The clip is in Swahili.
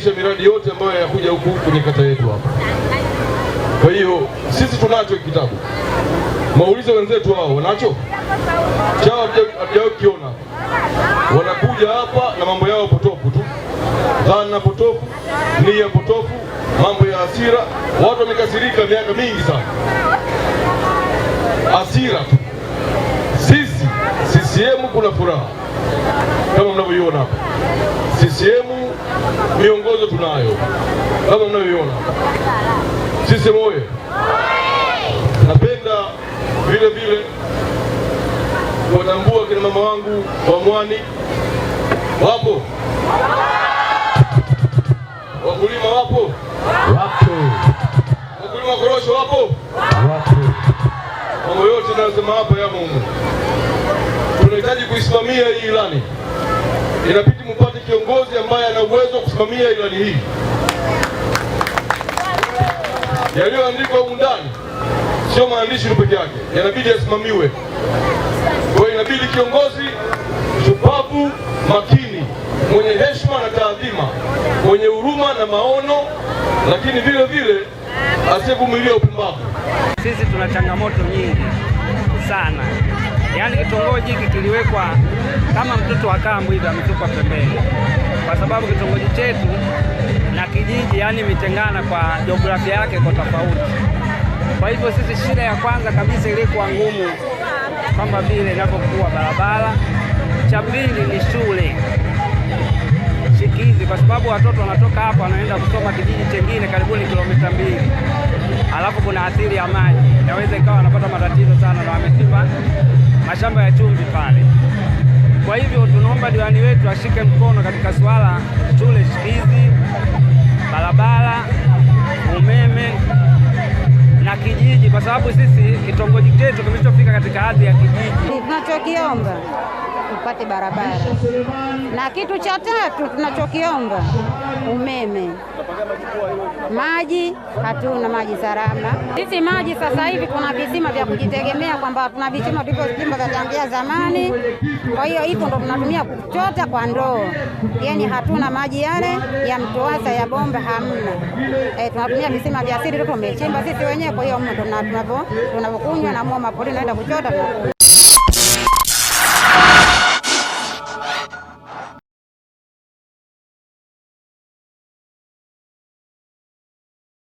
kukamilisha miradi yote ambayo yanakuja huku kwenye kata yetu hapa. Kwa hiyo sisi tunacho kitabu, maulizo wenzetu hao wanacho chao, hatujawahi kiona. Wanakuja hapa na mambo yao potofu tu, dhana potofu, nia potofu, mambo ya hasira. Watu wamekasirika miaka mingi sana, hasira tu CCM kuna furaha kama mnavyoiona hapa. CCM miongozo tunayo kama mnavyoiona. CCM oye! Napenda vile vile kuwatambua kina mama wangu wa mwani, wapo wakulima, wapo wapo wakulima korosho, wapo wapo, mambo yote nayosema hapa yamo humu kuisimamia hii ilani, inabidi mpate kiongozi ambaye ana uwezo wa kusimamia ilani hii. Yaliyoandikwa humu ndani sio maandishi peke yake, yanabidi yasimamiwe. Kwa hiyo inabidi kiongozi shupavu, makini, mwenye heshima na taadhima, mwenye huruma na maono, lakini vile vile asivumilie upumbavu. Sisi tuna changamoto nyingi sana, yaani kitongoji hiki kiliwekwa kama mtoto wa kambo hivi, ametupa pembeni, kwa sababu kitongoji chetu na kijiji yaani mitengana kwa jiografia yake kwa tofauti. Kwa hivyo sisi shida ya kwanza kabisa ilikuwa ngumu kama vile inapokuwa barabara, cha pili ni shule sababu watoto wanatoka hapa wanaenda kusoma kijiji chengine karibuni kilomita mbili, alafu kuna asili ya maji, inaweza ikawa wanapata matatizo sana, na wamesiba mashamba ya chumvi pale. Kwa hivyo tunaomba diwani wetu ashike mkono katika suala shule hizi, barabara, umeme na kijiji, kwa sababu sisi kitongoji chetu kimechofika katika hadhi ya kijiji. Tunachokiomba tupate barabara. Na kitu cha tatu tunachokiomba umeme, maji hatuna maji salama. Sisi maji sasa hivi kuna visima vya kujitegemea, kwamba tuna visima tulivyochimba vya tangia zamani, kwa hiyo hivyo ndo tunatumia kuchota kwa ndoo, yaani hatuna maji yale ya mtoasa ya bomba hamna. E, tunatumia visima vya asili tu tumechimba sisi wenyewe, kwa hiyo tunavyokunywa na mua naenda kuchota